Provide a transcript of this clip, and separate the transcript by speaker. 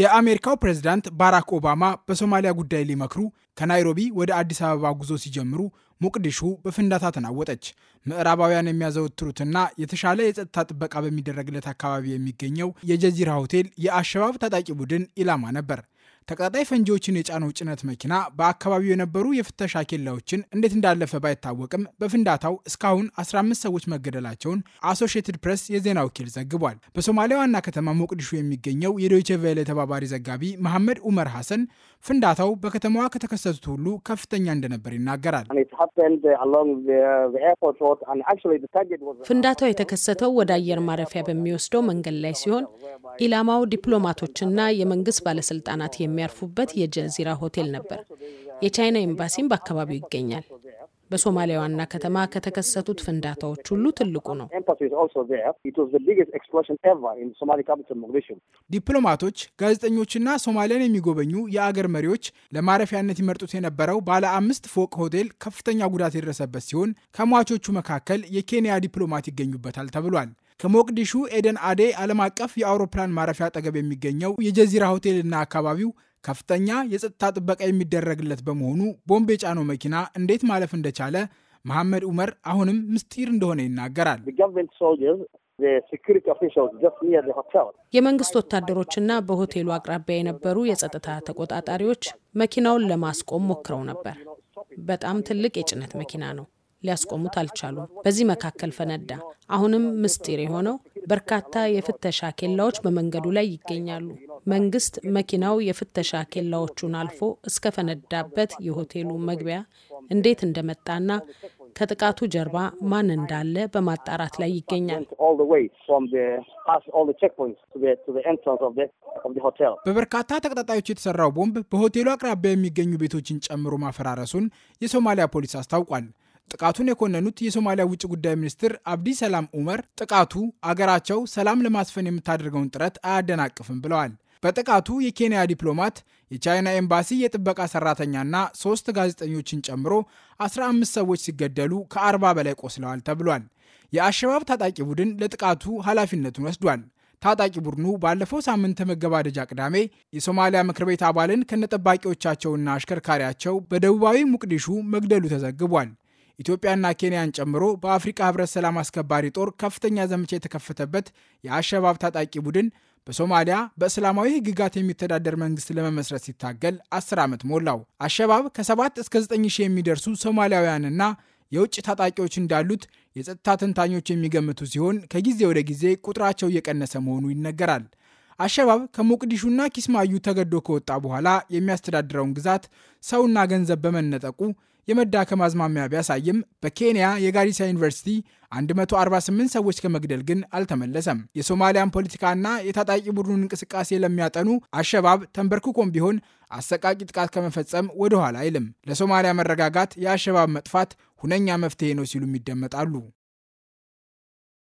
Speaker 1: የአሜሪካው ፕሬዝዳንት ባራክ ኦባማ በሶማሊያ ጉዳይ ሊመክሩ ከናይሮቢ ወደ አዲስ አበባ ጉዞ ሲጀምሩ ሞቅዲሹ በፍንዳታ ተናወጠች። ምዕራባውያን የሚያዘወትሩትና የተሻለ የጸጥታ ጥበቃ በሚደረግለት አካባቢ የሚገኘው የጀዚራ ሆቴል የአሸባብ ታጣቂ ቡድን ኢላማ ነበር። ተቀጣጣይ ፈንጂዎችን የጫነው ጭነት መኪና በአካባቢው የነበሩ የፍተሻ ኬላዎችን እንዴት እንዳለፈ ባይታወቅም በፍንዳታው እስካሁን 15 ሰዎች መገደላቸውን አሶሽትድ ፕሬስ የዜና ወኪል ዘግቧል። በሶማሊያ ዋና ከተማ ሞቅዲሹ የሚገኘው የዶይቼ ቬለ ተባባሪ ዘጋቢ መሐመድ ኡመር ሐሰን ፍንዳታው በከተማዋ ከተከሰቱት ሁሉ ከፍተኛ እንደነበር ይናገራል። ፍንዳታው
Speaker 2: የተከሰተው ወደ አየር ማረፊያ በሚወስደው መንገድ ላይ ሲሆን ኢላማው ዲፕሎማቶችና የመንግስት ባለስልጣናት የሚ የሚያርፉበት የጀዚራ ሆቴል ነበር። የቻይና ኤምባሲም በአካባቢው ይገኛል። በሶማሊያ ዋና ከተማ ከተከሰቱት ፍንዳታዎች ሁሉ ትልቁ ነው።
Speaker 1: ዲፕሎማቶች፣ ጋዜጠኞችና ሶማሊያን የሚጎበኙ የአገር መሪዎች ለማረፊያነት ይመርጡት የነበረው ባለ አምስት ፎቅ ሆቴል ከፍተኛ ጉዳት የደረሰበት ሲሆን ከሟቾቹ መካከል የኬንያ ዲፕሎማት ይገኙበታል ተብሏል። ከሞቅዲሹ ኤደን አዴ ዓለም አቀፍ የአውሮፕላን ማረፊያ አጠገብ የሚገኘው የጀዚራ ሆቴልና አካባቢው ከፍተኛ የጸጥታ ጥበቃ የሚደረግለት በመሆኑ ቦምብ የጫነው መኪና እንዴት ማለፍ እንደቻለ መሐመድ ዑመር አሁንም ምስጢር እንደሆነ ይናገራል። የመንግስት ወታደሮችና በሆቴሉ
Speaker 2: አቅራቢያ የነበሩ የጸጥታ ተቆጣጣሪዎች መኪናውን ለማስቆም ሞክረው ነበር። በጣም ትልቅ የጭነት መኪና ነው። ሊያስቆሙት አልቻሉም። በዚህ መካከል ፈነዳ። አሁንም ምስጢር የሆነው በርካታ የፍተሻ ኬላዎች በመንገዱ ላይ ይገኛሉ። መንግስት መኪናው የፍተሻ ኬላዎቹን አልፎ እስከፈነዳበት የሆቴሉ መግቢያ እንዴት እንደመጣና ከጥቃቱ ጀርባ ማን እንዳለ በማጣራት ላይ ይገኛል።
Speaker 1: በበርካታ ተቀጣጣዮች የተሰራው ቦምብ በሆቴሉ አቅራቢያ የሚገኙ ቤቶችን ጨምሮ ማፈራረሱን የሶማሊያ ፖሊስ አስታውቋል። ጥቃቱን የኮነኑት የሶማሊያ ውጭ ጉዳይ ሚኒስትር አብዲ ሰላም ኡመር ጥቃቱ አገራቸው ሰላም ለማስፈን የምታደርገውን ጥረት አያደናቅፍም ብለዋል። በጥቃቱ የኬንያ ዲፕሎማት፣ የቻይና ኤምባሲ የጥበቃ ሰራተኛና ሶስት ጋዜጠኞችን ጨምሮ 15 ሰዎች ሲገደሉ ከ40 በላይ ቆስለዋል ተብሏል። የአሸባብ ታጣቂ ቡድን ለጥቃቱ ኃላፊነቱን ወስዷል። ታጣቂ ቡድኑ ባለፈው ሳምንት መገባደጃ ቅዳሜ የሶማሊያ ምክር ቤት አባልን ከነጠባቂዎቻቸውና አሽከርካሪያቸው በደቡባዊ ሙቅዲሹ መግደሉ ተዘግቧል። ኢትዮጵያና ኬንያን ጨምሮ በአፍሪካ ህብረት ሰላም አስከባሪ ጦር ከፍተኛ ዘመቻ የተከፈተበት የአሸባብ ታጣቂ ቡድን በሶማሊያ በእስላማዊ ህግጋት የሚተዳደር መንግስት ለመመስረት ሲታገል 10 ዓመት ሞላው። አሸባብ ከ7 እስከ 9 ሺህ የሚደርሱ ሶማሊያውያንና የውጭ ታጣቂዎች እንዳሉት የጸጥታ ተንታኞች የሚገምቱ ሲሆን ከጊዜ ወደ ጊዜ ቁጥራቸው እየቀነሰ መሆኑ ይነገራል። አሸባብ ከሞቅዲሹና ኪስማዩ ተገዶ ከወጣ በኋላ የሚያስተዳድረውን ግዛት ሰውና ገንዘብ በመነጠቁ የመዳከም አዝማሚያ ቢያሳይም በኬንያ የጋሪሳ ዩኒቨርሲቲ 148 ሰዎች ከመግደል ግን አልተመለሰም። የሶማሊያን ፖለቲካና የታጣቂ ቡድኑን እንቅስቃሴ ለሚያጠኑ አሸባብ ተንበርክኮም ቢሆን አሰቃቂ ጥቃት ከመፈጸም ወደኋላ አይልም። ለሶማሊያ መረጋጋት የአሸባብ መጥፋት ሁነኛ መፍትሄ ነው ሲሉም ይደመጣሉ።